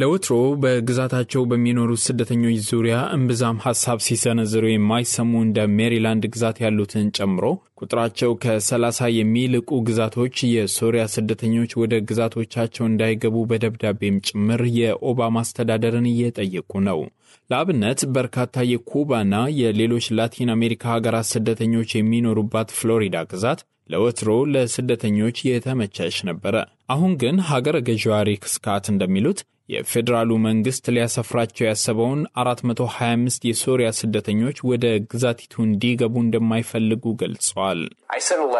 ለወትሮ በግዛታቸው በሚኖሩት ስደተኞች ዙሪያ እምብዛም ሐሳብ ሲሰነዝሩ የማይሰሙ እንደ ሜሪላንድ ግዛት ያሉትን ጨምሮ ቁጥራቸው ከ30 የሚልቁ ግዛቶች የሶሪያ ስደተኞች ወደ ግዛቶቻቸው እንዳይገቡ በደብዳቤም ጭምር የኦባማ አስተዳደርን እየጠየቁ ነው። ለአብነት በርካታ የኩባና የሌሎች ላቲን አሜሪካ ሀገራት ስደተኞች የሚኖሩባት ፍሎሪዳ ግዛት ለወትሮ ለስደተኞች የተመቻች ነበረ። አሁን ግን ሀገረ ገዢዋ ሪክ ስካት እንደሚሉት የፌዴራሉ መንግሥት ሊያሰፍራቸው ያሰበውን 425 የሶሪያ ስደተኞች ወደ ግዛቲቱ እንዲገቡ እንደማይፈልጉ ገልጸዋል። uh,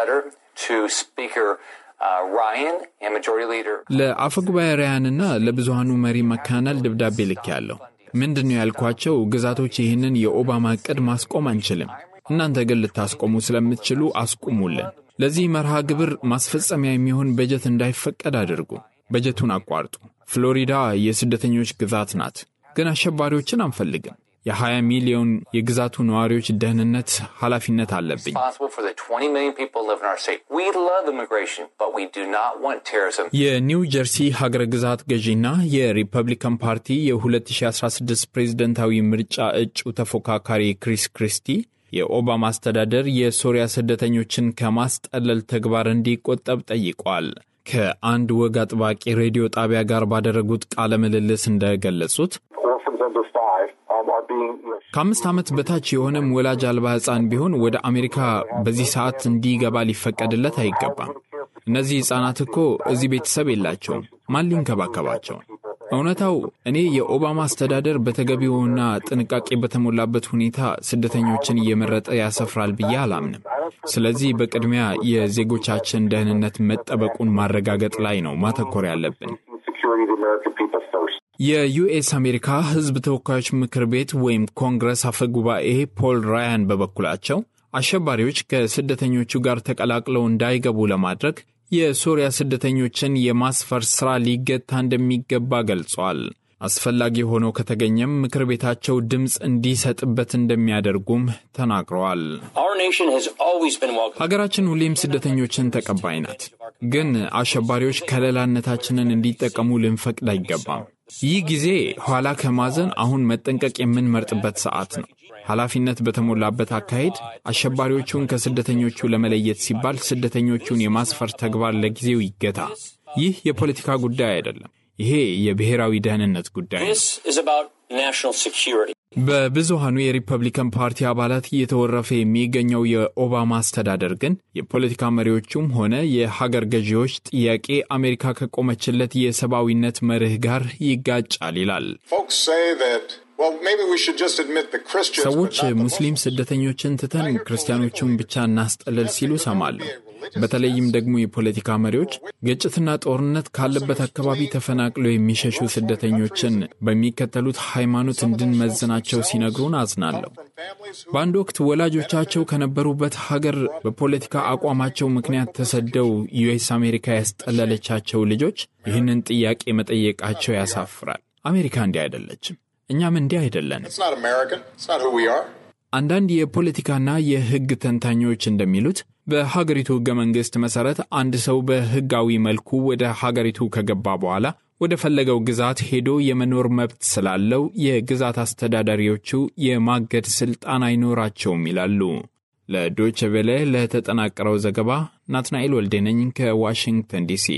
ለአፈ ጉባኤ ራያንና ለብዙሃኑ መሪ መካናል ደብዳቤ ያለው ምንድን ነው ያልኳቸው? ግዛቶች ይህንን የኦባማ ዕቅድ ማስቆም አንችልም፣ እናንተ ግን ልታስቆሙ ስለምትችሉ አስቁሙልን ለዚህ መርሃ ግብር ማስፈጸሚያ የሚሆን በጀት እንዳይፈቀድ አድርጉ። በጀቱን አቋርጡ። ፍሎሪዳ የስደተኞች ግዛት ናት፣ ግን አሸባሪዎችን አንፈልግም። የ20 ሚሊዮን የግዛቱ ነዋሪዎች ደህንነት ኃላፊነት አለብኝ። የኒው ጀርሲ ሀገረ ግዛት ገዢና የሪፐብሊካን ፓርቲ የ2016 ፕሬዝደንታዊ ምርጫ እጩ ተፎካካሪ ክሪስ ክሪስቲ የኦባማ አስተዳደር የሶሪያ ስደተኞችን ከማስጠለል ተግባር እንዲቆጠብ ጠይቋል። ከአንድ ወግ አጥባቂ ሬዲዮ ጣቢያ ጋር ባደረጉት ቃለ ምልልስ እንደገለጹት ከአምስት ዓመት በታች የሆነም ወላጅ አልባ ሕፃን ቢሆን ወደ አሜሪካ በዚህ ሰዓት እንዲገባ ሊፈቀድለት አይገባም። እነዚህ ሕፃናት እኮ እዚህ ቤተሰብ የላቸውም። ማን ሊንከባከባቸው? እውነታው እኔ የኦባማ አስተዳደር በተገቢውና ጥንቃቄ በተሞላበት ሁኔታ ስደተኞችን እየመረጠ ያሰፍራል ብዬ አላምንም። ስለዚህ በቅድሚያ የዜጎቻችን ደህንነት መጠበቁን ማረጋገጥ ላይ ነው ማተኮር ያለብን። የዩኤስ አሜሪካ ሕዝብ ተወካዮች ምክር ቤት ወይም ኮንግረስ አፈ ጉባኤ ፖል ራያን በበኩላቸው አሸባሪዎች ከስደተኞቹ ጋር ተቀላቅለው እንዳይገቡ ለማድረግ የሶሪያ ስደተኞችን የማስፈር ሥራ ሊገታ እንደሚገባ ገልጿል። አስፈላጊ ሆኖ ከተገኘም ምክር ቤታቸው ድምፅ እንዲሰጥበት እንደሚያደርጉም ተናግረዋል። ሀገራችን ሁሌም ስደተኞችን ተቀባይ ናት፣ ግን አሸባሪዎች ከለላነታችንን እንዲጠቀሙ ልንፈቅድ አይገባም። ይህ ጊዜ ኋላ ከማዘን አሁን መጠንቀቅ የምንመርጥበት ሰዓት ነው። ኃላፊነት በተሞላበት አካሄድ አሸባሪዎቹን ከስደተኞቹ ለመለየት ሲባል ስደተኞቹን የማስፈር ተግባር ለጊዜው ይገታ። ይህ የፖለቲካ ጉዳይ አይደለም። ይሄ የብሔራዊ ደህንነት ጉዳይ ነው። በብዙሃኑ የሪፐብሊካን ፓርቲ አባላት እየተወረፈ የሚገኘው የኦባማ አስተዳደር ግን የፖለቲካ መሪዎቹም ሆነ የሀገር ገዢዎች ጥያቄ አሜሪካ ከቆመችለት የሰብአዊነት መርህ ጋር ይጋጫል ይላል። ሰዎች ሙስሊም ስደተኞችን ትተን ክርስቲያኖቹን ብቻ እናስጠለል ሲሉ ሰማለሁ። በተለይም ደግሞ የፖለቲካ መሪዎች ግጭትና ጦርነት ካለበት አካባቢ ተፈናቅለው የሚሸሹ ስደተኞችን በሚከተሉት ሃይማኖት እንድንመዝናቸው ሲነግሩን አዝናለሁ። በአንድ ወቅት ወላጆቻቸው ከነበሩበት ሀገር በፖለቲካ አቋማቸው ምክንያት ተሰደው ዩኤስ አሜሪካ ያስጠለለቻቸው ልጆች ይህንን ጥያቄ መጠየቃቸው ያሳፍራል። አሜሪካ እንዲህ አይደለችም። እኛም እንዲህ አይደለን። አንዳንድ የፖለቲካና የሕግ ተንታኞች እንደሚሉት በሀገሪቱ ሕገ መንግሥት መሠረት አንድ ሰው በሕጋዊ መልኩ ወደ ሀገሪቱ ከገባ በኋላ ወደ ፈለገው ግዛት ሄዶ የመኖር መብት ስላለው የግዛት አስተዳዳሪዎቹ የማገድ ሥልጣን አይኖራቸውም ይላሉ። ለዶይቼ ቬለ ለተጠናቀረው ዘገባ ናትናኤል ወልዴነኝ ከዋሽንግተን ዲሲ